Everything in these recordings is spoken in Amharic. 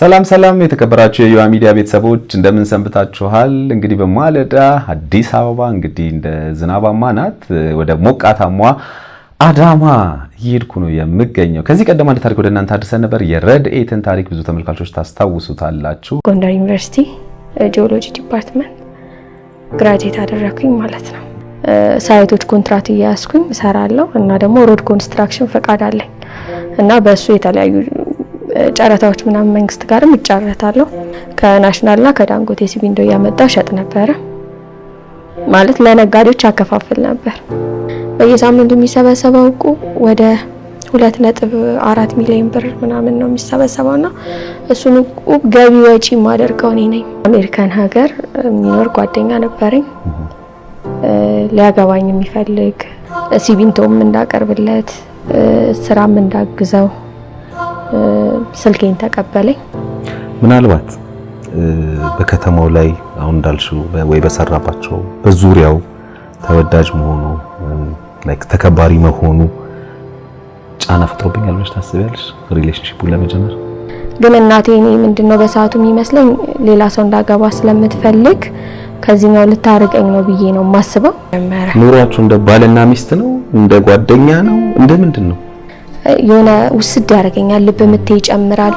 ሰላም ሰላም የተከበራችሁ የዮሃ ሚዲያ ቤተሰቦች እንደምን ሰንብታችኋል? እንግዲህ በማለዳ አዲስ አበባ እንግዲህ እንደ ዝናባማ ናት። ወደ ሞቃታማ አዳማ እየሄድኩ ነው የምገኘው። ከዚህ ቀደም አንድ ታሪክ ወደ እናንተ አድርሰን ነበር። የረድኤትን ታሪክ ብዙ ተመልካቾች ታስታውሱታላችሁ። ጎንደር ዩኒቨርሲቲ ጂኦሎጂ ዲፓርትመንት ግራጅዌት አደረኩኝ ማለት ነው። ሳይቶች ኮንትራት እያያዝኩኝ እሰራለሁ እና ደግሞ ሮድ ኮንስትራክሽን ፈቃድ አለኝ እና በእሱ የተለያዩ ጨረታዎች ምናምን መንግስት ጋርም እጫረታለሁ። ከናሽናልና ከዳንጎቴ ሲቪንዶ ያመጣ ሸጥ ነበረ ማለት ለነጋዴዎች አከፋፈል ነበር። በየሳምንቱ የሚሰበሰበው እቁ ወደ ሁለት ነጥብ አራት ሚሊዮን ብር ምናምን ነው የሚሰበሰበው እሱን እቁ ገቢ ወጪ የማደርገው እኔ ነኝ። አሜሪካን ሀገር የሚኖር ጓደኛ ነበረኝ ሊያገባኝ የሚፈልግ ሲቪንቶም እንዳቀርብለት ስራም እንዳግዘው ስልኬን ተቀበለኝ። ምናልባት በከተማው ላይ አሁን እንዳልሽው ወይ በሰራባቸው በዙሪያው ተወዳጅ መሆኑ ላይክ ተከባሪ መሆኑ ጫና ፈጥሮብኛል ብለሽ ታስቢያለሽ? ሪሌሽንሺፑን ለመጀመር ግን እናቴ እኔ ምንድነው በሰዓቱ የሚመስለኝ ሌላ ሰው እንዳገባ ስለምትፈልግ ከዚህኛው ልታርቀኝ ነው ብዬ ነው የማስበው። ኑሯችሁ እንደ ባልና ሚስት ነው እንደ ጓደኛ ነው እንደ ምንድን ነው? የሆነ ውስድ ያደርገኛል። ልብ ምት ይጨምራል።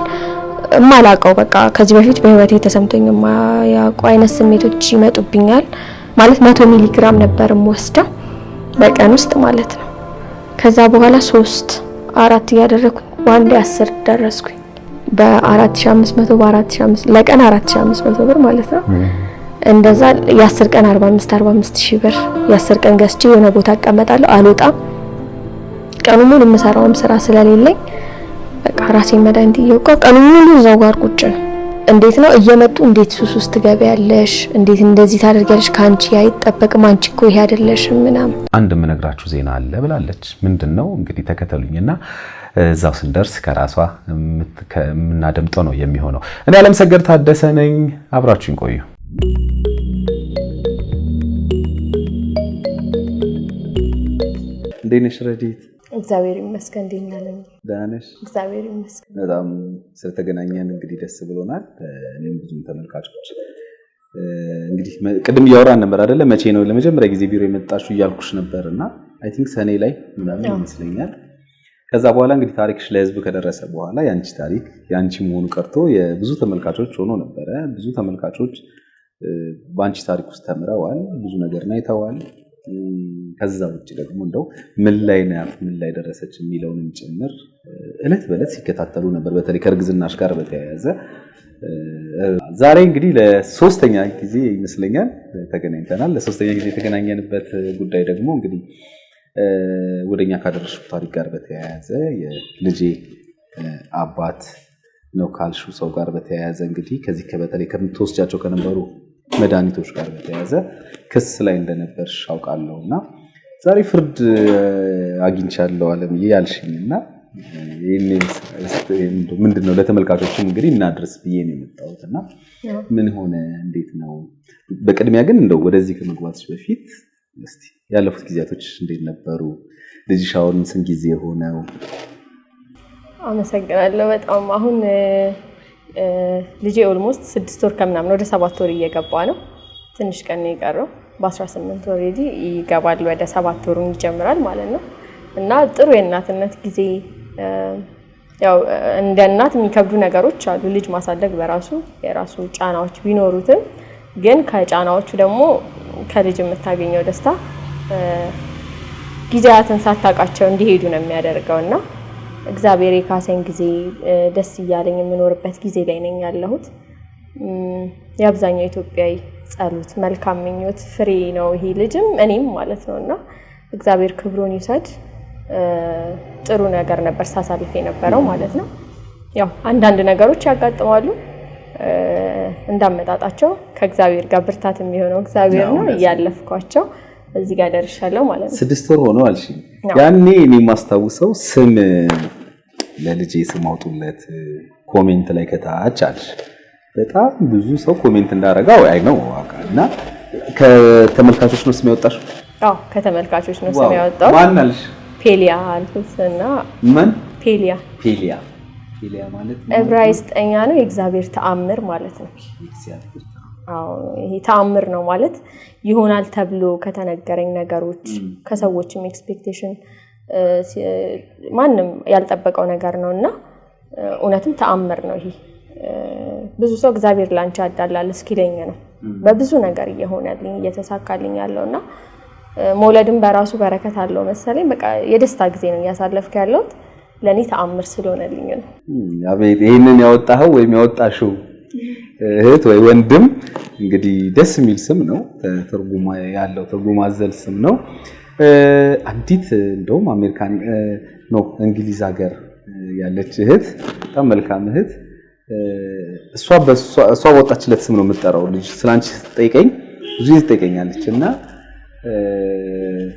እማላቀው በቃ ከዚህ በፊት በህይወቴ ተሰምቶኝ የማያውቁ አይነት ስሜቶች ይመጡብኛል። ማለት መቶ ሚሊ ግራም ነበር የምወስደው በቀን ውስጥ ማለት ነው። ከዛ በኋላ ሶስት አራት እያደረኩኝ ዋንዴ አስር ደረስኩኝ። በ4500 በ4500 ለቀን 4500 ብር ማለት ነው። እንደዛ የ10 ቀን 45 45000 ብር የ10 ቀን ገዝቼ የሆነ ቦታ እቀመጣለሁ አልወጣም። ቀኑ ሙሉ የምሰራውም ስራ ስለሌለኝ በቃ ራሴን መድኃኒት እየወቃው ቀኑ ሙሉ እዛው ጋር ቁጭ ነው። እንዴት ነው እየመጡ እንዴት ሱስ ውስጥ ትገቢያለሽ፣ እንዴት እንደዚህ ታደርጊያለሽ፣ ከአንቺ አይጠበቅም፣ አንቺ እኮ ይሄ አይደለሽም ምናምን። አንድ የምነግራችሁ ዜና አለ ብላለች። ምንድን ነው እንግዲህ ተከተሉኝና እዛው ስንደርስ ከራሷ የምናደምጠው ነው የሚሆነው። እኔ አለምሰገድ ታደሰ ነኝ። አብራችሁኝ ቆዩ። እንዴት ነሽ ረዲት? እግዚአብሔር ይመስገን። ደህና ደህና ነሽ? እግዚአብሔር ይመስገን። በጣም ስለተገናኘን እንግዲህ ደስ ብሎናል። እኔም ብዙም ተመልካቾች እንግዲህ ቅድም እያወራን ነበር አይደለ? መቼ ነው ለመጀመሪያ ጊዜ ቢሮ የመጣችሁ እያልኩሽ ነበር እና አይ ቲንክ ሰኔ ላይ ምናምን ይመስለኛል። ከዛ በኋላ እንግዲህ ታሪክሽ ለህዝብ ከደረሰ በኋላ የአንቺ ታሪክ የአንቺ መሆኑ ቀርቶ የብዙ ተመልካቾች ሆኖ ነበረ። ብዙ ተመልካቾች በአንቺ ታሪክ ውስጥ ተምረዋል፣ ብዙ ነገርን አይተዋል። ከዛ ውጭ ደግሞ እንደው ምን ላይ ናት ምን ላይ ደረሰች የሚለውንም ጭምር እለት በእለት ሲከታተሉ ነበር። በተለይ ከእርግዝናሽ ጋር በተያያዘ ዛሬ እንግዲህ ለሶስተኛ ጊዜ ይመስለኛል ተገናኝተናል። ለሶስተኛ ጊዜ የተገናኘንበት ጉዳይ ደግሞ እንግዲህ ወደኛ ካደረሹ ታሪክ ጋር በተያያዘ የልጄ አባት ነው ካልሹ ሰው ጋር በተያያዘ እንግዲህ ከዚህ በተለይ ከምትወስጃቸው ከነበሩ መድኃኒቶች ጋር በተያያዘ ክስ ላይ እንደነበርሽ አውቃለሁ እና ዛሬ ፍርድ አግኝቻለሁ አለምዬ ያልሽኝ እና ምንድን ነው ለተመልካቾችም እንግዲህ እናድርስ ብዬ ነው የመጣሁት እና ምን ሆነ እንዴት ነው በቅድሚያ ግን እንደው ወደዚህ ከመግባትሽ በፊት እስኪ ያለፉት ጊዜያቶች እንዴት ነበሩ ልጅሽ አሁን ስንት ጊዜ ሆነው አመሰግናለሁ በጣም አሁን ልጄ ኦልሞስት ስድስት ወር ከምናምን ወደ ሰባት ወር እየገባ ነው። ትንሽ ቀን የቀረው። በ18 ወር ይገባል። ወደ ሰባት ወሩን ይጀምራል ማለት ነው። እና ጥሩ የእናትነት ጊዜ ያው እንደ እናት የሚከብዱ ነገሮች አሉ። ልጅ ማሳደግ በራሱ የራሱ ጫናዎች ቢኖሩትም ግን ከጫናዎቹ ደግሞ ከልጅ የምታገኘው ደስታ ጊዜያትን ሳታውቃቸው እንዲሄዱ ነው የሚያደርገው እና እግዚአብሔር የካሰኝ ጊዜ ደስ እያለኝ የምኖርበት ጊዜ ላይ ነኝ ያለሁት። የአብዛኛው ኢትዮጵያዊ ጸሎት፣ መልካም ምኞት ፍሬ ነው ይሄ ልጅም እኔም ማለት ነው እና እግዚአብሔር ክብሩን ይውሰድ። ጥሩ ነገር ነበር ሳሳልፍ የነበረው ማለት ነው። ያው አንዳንድ ነገሮች ያጋጥማሉ እንዳመጣጣቸው ከእግዚአብሔር ጋር ብርታት የሚሆነው እግዚአብሔር ነው። እያለፍኳቸው እዚህ ጋር ደርሻለሁ ማለት ነው። ስድስት ወር ሆኖ አልሽ። ያኔ እኔ የማስታውሰው ስም ለልጄ ስም አውጡለት ኮሜንት ላይ ከታች አልሽ። በጣም ብዙ ሰው ኮሜንት እንዳረጋው አይ ነው እና ከተመልካቾች ነው ስም ያወጣሽ? አዎ ከተመልካቾች ነው ስም ያወጣው። ማን አልሽ? ፔሊያ አልኩት እና ምን ፔሊያ ፔሊያ ፔሊያ ማለት ነው ዕብራይስጥኛ ነው የእግዚአብሔር ተአምር ማለት ነው። ይሄ ተአምር ነው ማለት ይሆናል ተብሎ ከተነገረኝ ነገሮች ከሰዎችም ኤክስፔክቴሽን ማንም ያልጠበቀው ነገር ነው እና እውነትም ተአምር ነው ይሄ። ብዙ ሰው እግዚአብሔር ላንቺ ያዳላል እስኪለኝ ነው በብዙ ነገር እየሆነልኝ እየተሳካልኝ ያለው እና መውለድም በራሱ በረከት አለው መሰለኝ። በቃ የደስታ ጊዜ ነው እያሳለፍክ ያለሁት ለእኔ ተአምር ስለሆነልኝ ነው። አቤት! ይህንን ያወጣኸው ወይም ያወጣሽው እህት ወይ ወንድም እንግዲህ ደስ የሚል ስም ነው። ትርጉም ያለው ትርጉም አዘል ስም ነው። አንዲት እንደውም አሜሪካን ኖ እንግሊዝ ሀገር ያለች እህት በጣም መልካም እህት እሷ በእሷ በወጣችለት ስም ነው የምትጠራው ልጅ። ስላንቺ ስትጠይቀኝ ብዙ ትጠይቀኛለች እና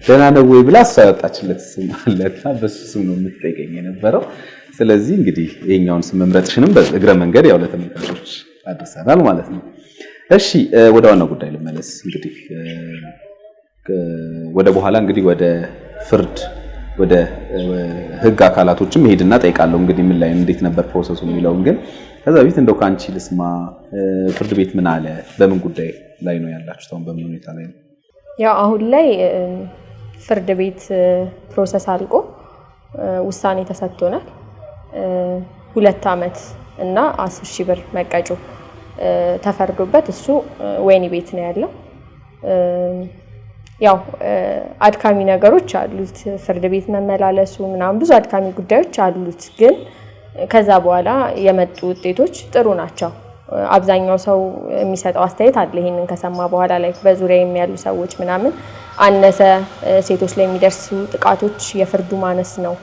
ደህና ነው ወይ ብላ እሷ ያወጣችለት ስም አለና በሱ ስም ነው የምትጠይቀኝ የነበረው። ስለዚህ እንግዲህ ይሄኛውን ስም መምረጥሽንም በእግረ መንገድ ያው ለተመልካቾች አድርሰናል ማለት ነው። እሺ ወደ ዋናው ጉዳይ ልመለስ። እንግዲህ ወደ በኋላ እንግዲህ ወደ ፍርድ ወደ ህግ አካላቶችም መሄድና ጠይቃለሁ። እንግዲህ ምን ላይ እንዴት ነበር ፕሮሰሱ የሚለውን ግን ከዛ በፊት እንደው ከአንቺ ልስማ። ፍርድ ቤት ምን አለ? በምን ጉዳይ ላይ ነው ያላችሁት? አሁን በምን ሁኔታ ላይ ነው? ያው አሁን ላይ ፍርድ ቤት ፕሮሰስ አልቆ ውሳኔ ተሰጥቶናል። ሁለት ዓመት እና አስር ሺህ ብር መቀጮ ተፈርዶበት እሱ ወህኒ ቤት ነው ያለው። ያው አድካሚ ነገሮች አሉት። ፍርድ ቤት መመላለሱ ምናምን ብዙ አድካሚ ጉዳዮች አሉት። ግን ከዛ በኋላ የመጡ ውጤቶች ጥሩ ናቸው። አብዛኛው ሰው የሚሰጠው አስተያየት አለ። ይህንን ከሰማ በኋላ ላይ በዙሪያ የሚያሉ ሰዎች ምናምን አነሰ፣ ሴቶች ላይ የሚደርሱ ጥቃቶች የፍርዱ ማነስ ነው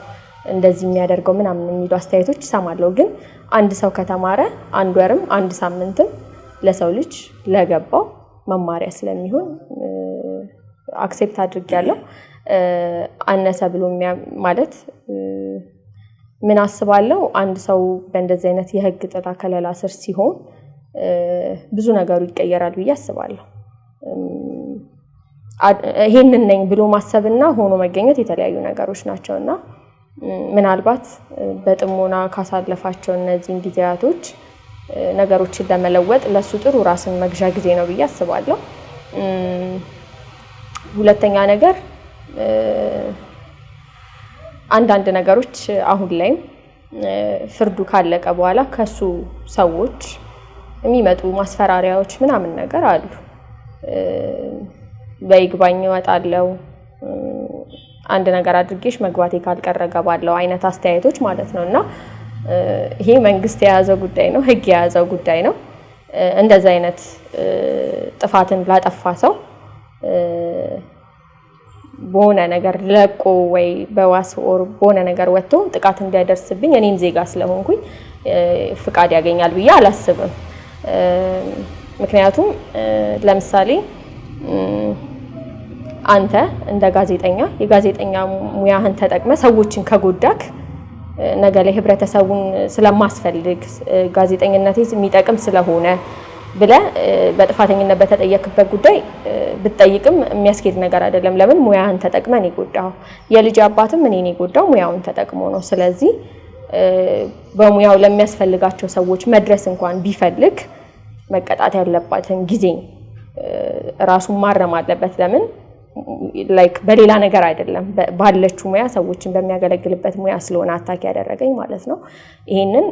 እንደዚህ የሚያደርገው ምናምን የሚሉ አስተያየቶች ይሰማለሁ። ግን አንድ ሰው ከተማረ አንድ ወርም አንድ ሳምንትም ለሰው ልጅ ለገባው መማሪያ ስለሚሆን አክሴፕት አድርጌያለሁ። አነሰ ብሎ ማለት ምን አስባለሁ፣ አንድ ሰው በእንደዚህ አይነት የህግ ጥላ ከለላ ስር ሲሆን ብዙ ነገሩ ይቀየራል ብዬ አስባለሁ። ይሄንን ነኝ ብሎ ማሰብና ሆኖ መገኘት የተለያዩ ነገሮች ናቸው እና ምናልባት በጥሞና ካሳለፋቸው እነዚህን ጊዜያቶች ነገሮችን ለመለወጥ ለሱ ጥሩ ራስን መግዣ ጊዜ ነው ብዬ አስባለሁ። ሁለተኛ ነገር አንዳንድ ነገሮች አሁን ላይም ፍርዱ ካለቀ በኋላ ከሱ ሰዎች የሚመጡ ማስፈራሪያዎች ምናምን ነገር አሉ። በይግባኝ እወጣለሁ አንድ ነገር አድርጌሽ መግባቴ ካልቀረገ ባለው አይነት አስተያየቶች ማለት ነው። እና ይሄ መንግስት የያዘው ጉዳይ ነው፣ ህግ የያዘው ጉዳይ ነው። እንደዚህ አይነት ጥፋትን ላጠፋ ሰው በሆነ ነገር ለቆ ወይ በዋስ ኦር በሆነ ነገር ወጥቶ ጥቃት እንዲያደርስብኝ እኔም ዜጋ ስለሆንኩኝ ፍቃድ ያገኛል ብዬ አላስብም። ምክንያቱም ለምሳሌ አንተ እንደ ጋዜጠኛ የጋዜጠኛ ሙያህን ተጠቅመ ሰዎችን ከጎዳክ ነገ ላይ ህብረተሰቡን ስለማስፈልግ ጋዜጠኝነት የሚጠቅም ስለሆነ ብለ በጥፋተኝነት በተጠየክበት ጉዳይ ብትጠይቅም የሚያስኬድ ነገር አይደለም። ለምን ሙያህን ተጠቅመ እኔ ጎዳሁ። የልጅ አባትም እኔን የጎዳው ሙያውን ተጠቅሞ ነው። ስለዚህ በሙያው ለሚያስፈልጋቸው ሰዎች መድረስ እንኳን ቢፈልግ መቀጣት ያለባትን ጊዜ ራሱን ማረም አለበት። ለምን ላይክ በሌላ ነገር አይደለም፣ ባለችው ሙያ ሰዎችን በሚያገለግልበት ሙያ ስለሆነ አታኪ ያደረገኝ ማለት ነው። ይሄንን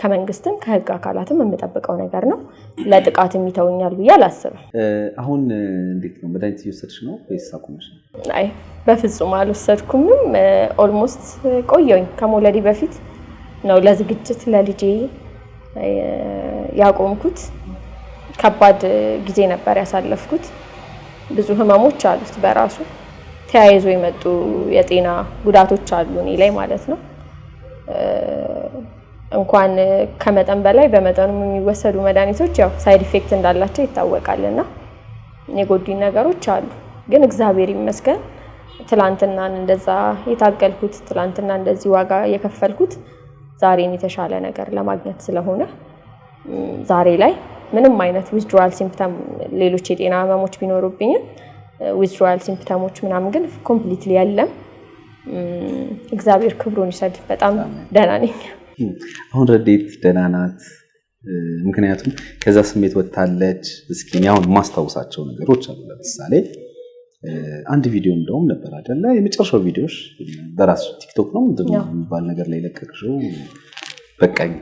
ከመንግስትም ከህግ አካላትም የምጠብቀው ነገር ነው። ለጥቃት የሚተውኛል ብዬ አላስብም። አሁን እንዴት ነው? መድኃኒት እየወሰድሽ ነው ወይስ አቁመሽ ነው? አይ በፍጹም አልወሰድኩምም። ኦልሞስት ቆየኝ ከመውለዲ በፊት ነው ለዝግጅት ለልጄ ያቆምኩት። ከባድ ጊዜ ነበር ያሳለፍኩት። ብዙ ህመሞች አሉት በራሱ ተያይዞ የመጡ የጤና ጉዳቶች አሉ እኔ ላይ ማለት ነው። እንኳን ከመጠን በላይ በመጠኑ የሚወሰዱ መድኃኒቶች ያው ሳይድ ኢፌክት እንዳላቸው ይታወቃል እና የጎዱኝ ነገሮች አሉ። ግን እግዚአብሔር ይመስገን ትላንትናን እንደዛ የታገልኩት ትላንትና እንደዚህ ዋጋ የከፈልኩት ዛሬን የተሻለ ነገር ለማግኘት ስለሆነ ዛሬ ላይ ምንም አይነት ዊዝድራል ሲምፕተም ሌሎች የጤና ህመሞች ቢኖሩብኝም ዊዝድራል ሲምፕተሞች ምናምን ግን ኮምፕሊትሊ የለም። እግዚአብሔር ክብሩን ይሰድ። በጣም ደህና ነኝ። አሁን ረዴት ደህና ናት። ምክንያቱም ከዛ ስሜት ወጥታለች። እስኪ አሁን የማስታውሳቸው ነገሮች አሉ። ለምሳሌ አንድ ቪዲዮ እንደውም ነበር አይደለ? የመጨረሻው ቪዲዮሽ በራሱ ቲክቶክ ነው የሚባል ነገር ላይ ለቀቅሽው በቃኝ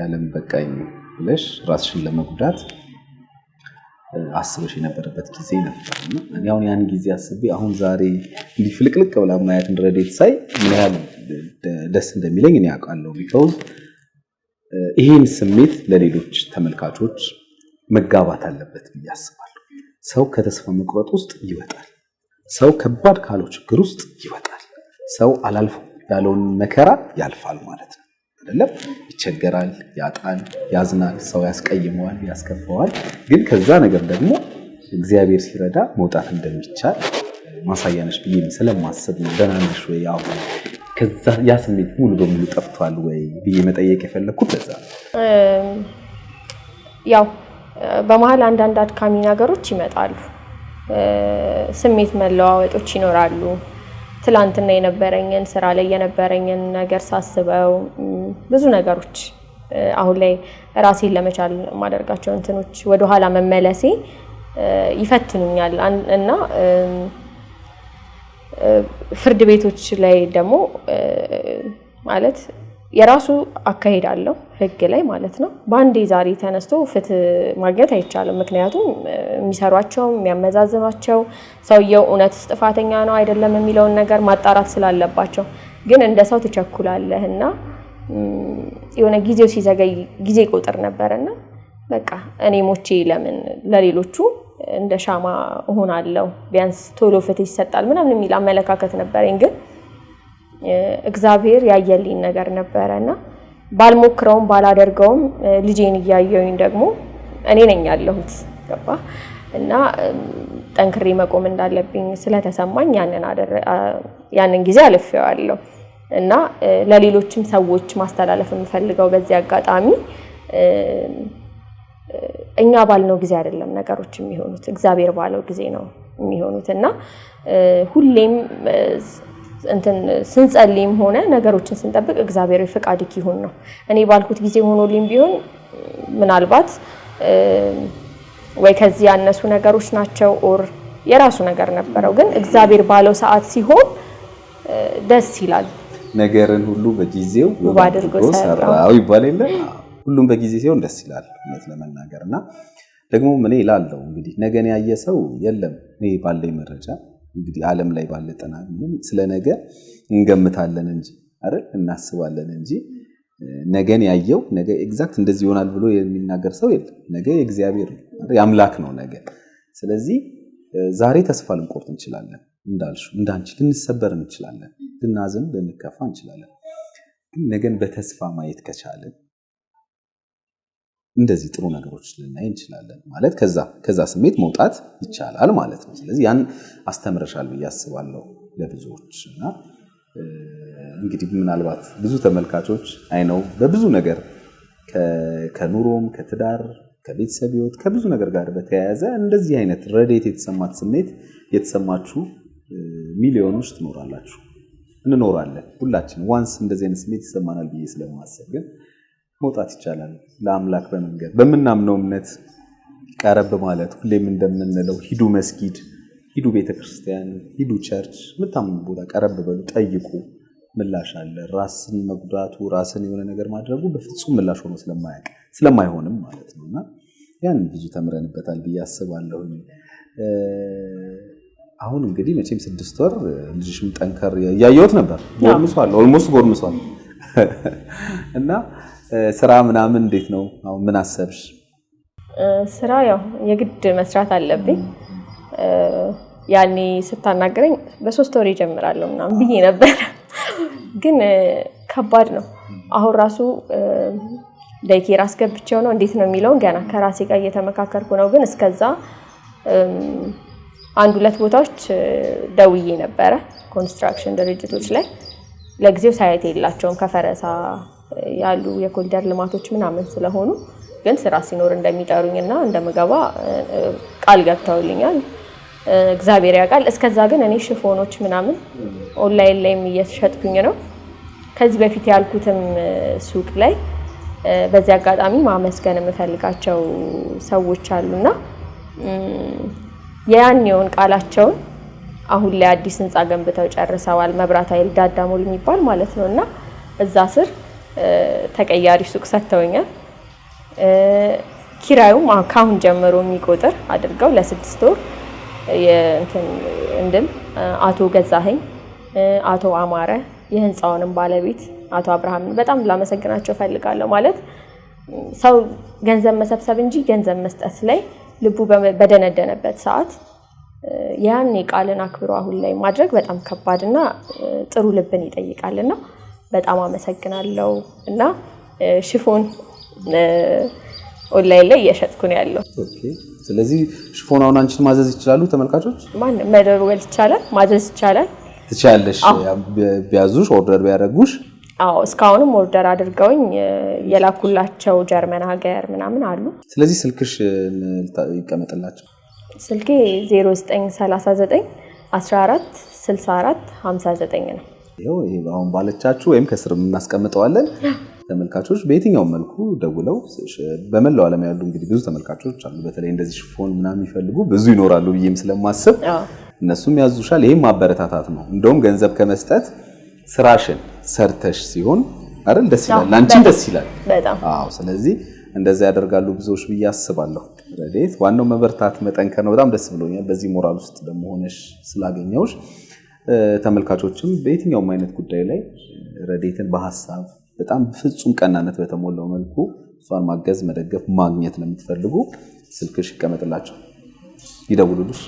ያለም በቃኝ ብለሽ ራስሽን ለመጉዳት አስበሽ የነበረበት ጊዜ ነበር እኔ አሁን ያን ጊዜ አስቤ አሁን ዛሬ እንዲህ ፍልቅልቅ ብላ ማየት እንደረዴት ሳይ ምን ያህል ደስ እንደሚለኝ እኔ ያውቃለሁ። ቢኮዝ ይህን ስሜት ለሌሎች ተመልካቾች መጋባት አለበት ብዬ አስባለሁ። ሰው ከተስፋ መቁረጥ ውስጥ ይወጣል። ሰው ከባድ ካለው ችግር ውስጥ ይወጣል። ሰው አላልፎ ያለውን መከራ ያልፋል ማለት ነው። አይደለም ይቸገራል፣ ያጣል፣ ያዝናል፣ ሰው ያስቀይመዋል፣ ያስከፈዋል። ግን ከዛ ነገር ደግሞ እግዚአብሔር ሲረዳ መውጣት እንደሚቻል ማሳያ ነች ብዬ ስለማስብ ነው። ደህና ነሽ ወይ አሁን ከዛ ያ ስሜት ሙሉ በሙሉ ጠፍቷል ወይ ብዬ መጠየቅ የፈለግኩት ለዛ ያው በመሀል አንዳንድ አድካሚ ነገሮች ይመጣሉ፣ ስሜት መለዋወጦች ይኖራሉ። ትላንትና የነበረኝን ስራ ላይ የነበረኝን ነገር ሳስበው ብዙ ነገሮች አሁን ላይ ራሴን ለመቻል የማደርጋቸው እንትኖች ወደኋላ መመለሴ ይፈትኑኛል እና ፍርድ ቤቶች ላይ ደግሞ ማለት የራሱ አካሄድ አለው ህግ ላይ ማለት ነው። በአንዴ ዛሬ ተነስቶ ፍትህ ማግኘት አይቻልም። ምክንያቱም የሚሰሯቸው የሚያመዛዝናቸው ሰውየው እውነትስ ጥፋተኛ ነው አይደለም የሚለውን ነገር ማጣራት ስላለባቸው፣ ግን እንደ ሰው ትቸኩላለህ እና የሆነ ጊዜው ሲዘገይ ጊዜ ቁጥር ነበረና በቃ እኔ ሞቼ ለምን ለሌሎቹ እንደ ሻማ እሆናለሁ ቢያንስ ቶሎ ፍትህ ይሰጣል ምናምን የሚል አመለካከት ነበረኝ ግን እግዚአብሔር ያየልኝ ነገር ነበረ እና ባልሞክረውም ባላደርገውም ልጄን እያየውኝ ደግሞ እኔ ነኝ ያለሁት ገባ እና ጠንክሬ መቆም እንዳለብኝ ስለተሰማኝ ያንን ጊዜ አልፌዋለሁ እና ለሌሎችም ሰዎች ማስተላለፍ የምፈልገው በዚህ አጋጣሚ እኛ ባልነው ጊዜ አይደለም ነገሮች የሚሆኑት፣ እግዚአብሔር ባለው ጊዜ ነው የሚሆኑት እና ሁሌም እንትን ስንጸልይም ሆነ ነገሮችን ስንጠብቅ እግዚአብሔር ፈቃድ ይሁን ነው። እኔ ባልኩት ጊዜ ሆኖልኝ ቢሆን ምናልባት ወይ ከዚህ ያነሱ ነገሮች ናቸው ኦር የራሱ ነገር ነበረው። ግን እግዚአብሔር ባለው ሰዓት ሲሆን ደስ ይላል። ነገርን ሁሉ በጊዜው ውብ አድርጎ ሰራው ይባል የለ ሁሉም በጊዜ ሲሆን ደስ ይላል እውነት ለመናገር እና ደግሞ እኔ ይላለው እንግዲህ ነገን ያየ ሰው የለም እኔ ባለኝ መረጃ እንግዲህ ዓለም ላይ ባለ ጥናት ምንም ስለ ነገ እንገምታለን እንጂ አይደል እናስባለን እንጂ ነገን ያየው ነገ ኤግዛክት እንደዚህ ይሆናል ብሎ የሚናገር ሰው የለም። ነገ የእግዚአብሔር ነው የአምላክ ነው ነገ። ስለዚህ ዛሬ ተስፋ ልንቆርጥ እንችላለን፣ እንዳልሹ እንዳንቺ ልንሰበር እንችላለን፣ ልናዝን፣ ልንከፋ እንችላለን። ግን ነገን በተስፋ ማየት ከቻለን እንደዚህ ጥሩ ነገሮች ልናይ እንችላለን ማለት ከዛ ከዛ ስሜት መውጣት ይቻላል ማለት ነው። ስለዚህ ያን አስተምረሻል ብዬ አስባለሁ ለብዙዎች እና እንግዲህ ምናልባት ብዙ ተመልካቾች አይነው በብዙ ነገር ከኑሮም ከትዳር ከቤተሰብ ህይወት ከብዙ ነገር ጋር በተያያዘ እንደዚህ አይነት ረዴት የተሰማት ስሜት የተሰማችሁ ሚሊዮኖች ትኖራላችሁ፣ እንኖራለን ሁላችን ዋንስ እንደዚህ አይነት ስሜት ይሰማናል ብዬ ስለማሰብ ግን መውጣት ይቻላል። ለአምላክ በመንገድ በምናምነው እምነት ቀረብ ማለት ሁሌም እንደምንለው ሂዱ መስጊድ፣ ሂዱ ቤተክርስቲያን፣ ሂዱ ቸርች፣ የምታምኑ ቦታ ቀረብ በሉ፣ ጠይቁ። ምላሽ አለ። ራስን መጉዳቱ ራስን የሆነ ነገር ማድረጉ በፍጹም ምላሽ ሆኖ ስለማያውቅ ስለማይሆንም ማለት ነው እና ያን ብዙ ተምረንበታል ብዬ አስባለሁ። አሁን እንግዲህ መቼም ስድስት ወር ልጅሽም ጠንከር እያየሁት ነበር። ጎርምሷል፣ ኦልሞስት ጎርምሷል እና ስራ ምናምን እንዴት ነው አሁን? ምን አሰብሽ? ስራ ያው የግድ መስራት አለብኝ። ያኔ ስታናገረኝ በሶስት ወር ይጀምራለሁ ምናምን ብዬ ነበር፣ ግን ከባድ ነው። አሁን ራሱ ዳይኬር አስገብቼው ነው እንዴት ነው የሚለውን ገና ከራሴ ጋር እየተመካከርኩ ነው። ግን እስከዛ አንድ ሁለት ቦታዎች ደውዬ ነበረ ኮንስትራክሽን ድርጅቶች ላይ። ለጊዜው ሳይት የላቸውም ከፈረሳ ያሉ የኮሪደር ልማቶች ምናምን ስለሆኑ ግን ስራ ሲኖር እንደሚጠሩኝና እንደምገባ ቃል ገብተውልኛል። እግዚአብሔር ያውቃል። እስከዛ ግን እኔ ሽፎኖች ምናምን ኦንላይን ላይም እየሸጥኩኝ ነው። ከዚህ በፊት ያልኩትም ሱቅ ላይ በዚህ አጋጣሚ ማመስገን የምፈልጋቸው ሰዎች አሉና የያኔውን ቃላቸውን አሁን ላይ አዲስ ህንፃ ገንብተው ጨርሰዋል። መብራት ኃይል ዳዳሞል የሚባል ማለት ነው እና እዛ ስር ተቀያሪ ሱቅ ሰጥተውኛል። ኪራዩም ካሁን ጀምሮ የሚቆጥር አድርገው ለስድስት ወር እንድም አቶ ገዛኸኝ፣ አቶ አማረ የህንፃውንም ባለቤት አቶ አብርሃምን በጣም ላመሰግናቸው እፈልጋለሁ። ማለት ሰው ገንዘብ መሰብሰብ እንጂ ገንዘብ መስጠት ላይ ልቡ በደነደነበት ሰዓት ያን የቃልን አክብሮ አሁን ላይ ማድረግ በጣም ከባድና ጥሩ ልብን ይጠይቃልና በጣም አመሰግናለሁ እና ሽፎን ኦንላይን ላይ እየሸጥኩ ነው ያለው። ስለዚህ ሽፎን አሁን አንቺን ማዘዝ ይችላሉ ተመልካቾች? ማን መደወል ይቻላል፣ ማዘዝ ይቻላል። ትችላለሽ። ቢያዙሽ ኦርደር ቢያደርጉሽ አዎ እስካሁንም ኦርደር አድርገውኝ የላኩላቸው ጀርመን ሀገር ምናምን አሉ። ስለዚህ ስልክሽ ይቀመጥላቸው። ስልኬ 0939 14 64 59 ነው። አሁን ባለቻችሁ ወይም ከስር እናስቀምጠዋለን። ተመልካቾች በየትኛውም መልኩ ደውለው በመላው ዓለም ያሉ እንግዲህ ብዙ ተመልካቾች አሉ። በተለይ እንደዚህ ሽፎን ምናምን የሚፈልጉ ብዙ ይኖራሉ ብዬም ስለማስብ እነሱም ያዙሻል። ይህም ማበረታታት ነው። እንደውም ገንዘብ ከመስጠት ስራሽን ሰርተሽ ሲሆን አይደል ደስ ይላል፣ አንቺም ደስ ይላል። አዎ ስለዚህ እንደዛ ያደርጋሉ ብዙዎች ብዬ አስባለሁ። ረዴት ዋናው መበርታት መጠንከር ነው። በጣም ደስ ብሎኛል። በዚህ ሞራል ውስጥ ደግሞ ሆነሽ ስላገኘውሽ። ተመልካቾችም በየትኛውም አይነት ጉዳይ ላይ ረዴትን በሀሳብ በጣም ፍጹም ቀናነት በተሞላው መልኩ እሷን ማገዝ፣ መደገፍ፣ ማግኘት የምትፈልጉ ስልክሽ ይቀመጥላቸው፣ ይደውሉልሽ።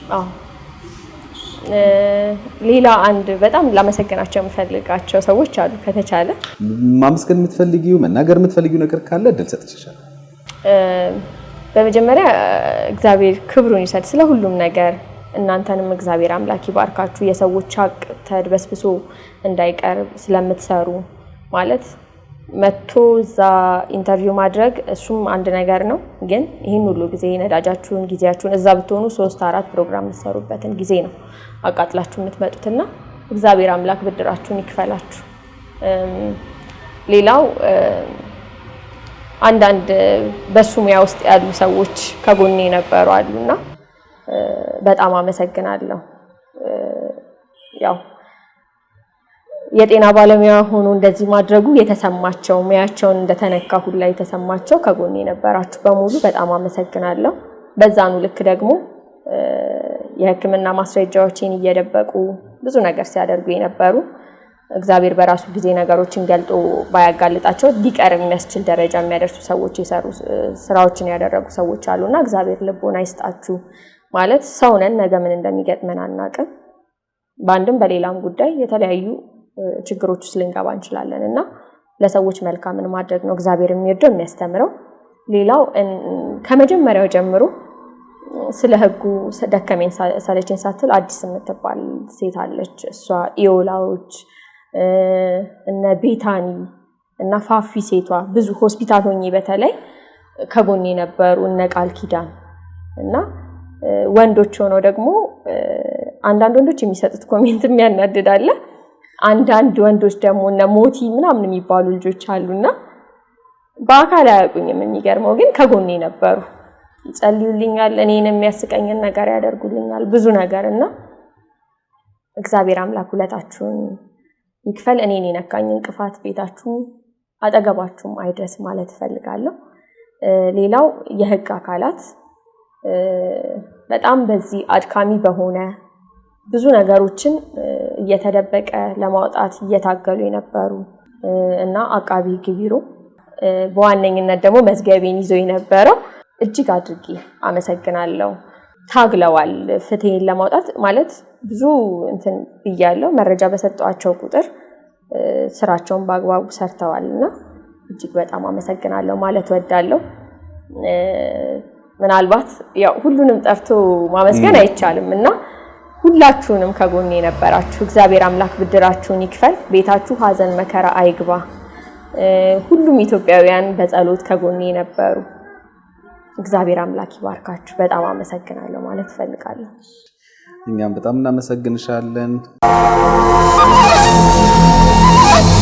ሌላ አንድ በጣም ላመሰግናቸው የምፈልጋቸው ሰዎች አሉ። ከተቻለ ማመስገን የምትፈልጊው መናገር የምትፈልጊው ነገር ካለ እድል ሰጥቼሻለሁ። በመጀመሪያ እግዚአብሔር ክብሩን ይሰጥ ስለ ሁሉም ነገር እናንተንም እግዚአብሔር አምላክ ይባርካችሁ። የሰዎች ሀቅ ተድበስብሶ እንዳይቀርብ ስለምትሰሩ ማለት መቶ እዛ ኢንተርቪው ማድረግ እሱም አንድ ነገር ነው። ግን ይህን ሁሉ ጊዜ ነዳጃችሁን፣ ጊዜያችሁን እዛ ብትሆኑ ሶስት አራት ፕሮግራም የምትሰሩበትን ጊዜ ነው አቃጥላችሁ የምትመጡትና እግዚአብሔር አምላክ ብድራችሁን ይክፈላችሁ። ሌላው አንዳንድ በሱ ሙያ ውስጥ ያሉ ሰዎች ከጎኔ የነበሩ አሉና በጣም አመሰግናለሁ። ያው የጤና ባለሙያ ሆኖ እንደዚህ ማድረጉ የተሰማቸው ሙያቸውን እንደተነካ ሁላ የተሰማቸው ከጎን የነበራችሁ በሙሉ በጣም አመሰግናለሁ። በዛኑ ልክ ደግሞ የሕክምና ማስረጃዎችን እየደበቁ ብዙ ነገር ሲያደርጉ የነበሩ እግዚአብሔር በራሱ ጊዜ ነገሮችን ገልጦ ባያጋልጣቸው ሊቀር የሚያስችል ደረጃ የሚያደርሱ ሰዎች የሰሩ ስራዎችን ያደረጉ ሰዎች አሉና እግዚአብሔር ልቦና ይስጣችሁ። ማለት ሰው ነን፣ ነገ ምን እንደሚገጥመን አናቅም። በአንድም በሌላም ጉዳይ የተለያዩ ችግሮች ውስጥ ልንገባ እንችላለን እና ለሰዎች መልካምን ማድረግ ነው እግዚአብሔር የሚወደው የሚያስተምረው። ሌላው ከመጀመሪያው ጀምሮ ስለ ህጉ ደከመኝ ሰለቸኝ ሳትል አዲስ የምትባል ሴት አለች። እሷ ኢዮላዎች እነ ቤታኒ እና ፋፊ ሴቷ ብዙ ሆስፒታል ሆኜ በተለይ ከጎን የነበሩ እነ ቃል ኪዳን እና ወንዶች ሆነው ደግሞ አንዳንድ ወንዶች የሚሰጡት ኮሜንት የሚያናድዳለ። አንዳንድ ወንዶች ደግሞ እነ ሞቲ ምናምን የሚባሉ ልጆች አሉና በአካል አያውቁኝም። የሚገርመው ግን ከጎኔ ነበሩ፣ ይጸልዩልኛል፣ እኔን የሚያስቀኝን ነገር ያደርጉልኛል፣ ብዙ ነገር እና እግዚአብሔር አምላክ ሁለታችሁን ይክፈል። እኔን የነካኝ እንቅፋት ቤታችሁ አጠገባችሁም አይድረስ ማለት እፈልጋለሁ። ሌላው የህግ አካላት በጣም በዚህ አድካሚ በሆነ ብዙ ነገሮችን እየተደበቀ ለማውጣት እየታገሉ የነበሩ እና አቃቢ ሕግ ቢሮ በዋነኝነት ደግሞ መዝገቤን ይዞ የነበረው እጅግ አድርጌ አመሰግናለሁ። ታግለዋል ፍትሄን ለማውጣት ማለት ብዙ እንትን ብያለው መረጃ በሰጠዋቸው ቁጥር ስራቸውን በአግባቡ ሰርተዋል እና እጅግ በጣም አመሰግናለሁ ማለት ወዳለው። ምናልባት ያው ሁሉንም ጠርቶ ማመስገን አይቻልም እና ሁላችሁንም ከጎኔ የነበራችሁ እግዚአብሔር አምላክ ብድራችሁን ይክፈል፣ ቤታችሁ ሀዘን መከራ አይግባ። ሁሉም ኢትዮጵያውያን በጸሎት ከጎኔ ነበሩ። እግዚአብሔር አምላክ ይባርካችሁ። በጣም አመሰግናለሁ ማለት እፈልጋለሁ። እኛም በጣም እናመሰግንሻለን።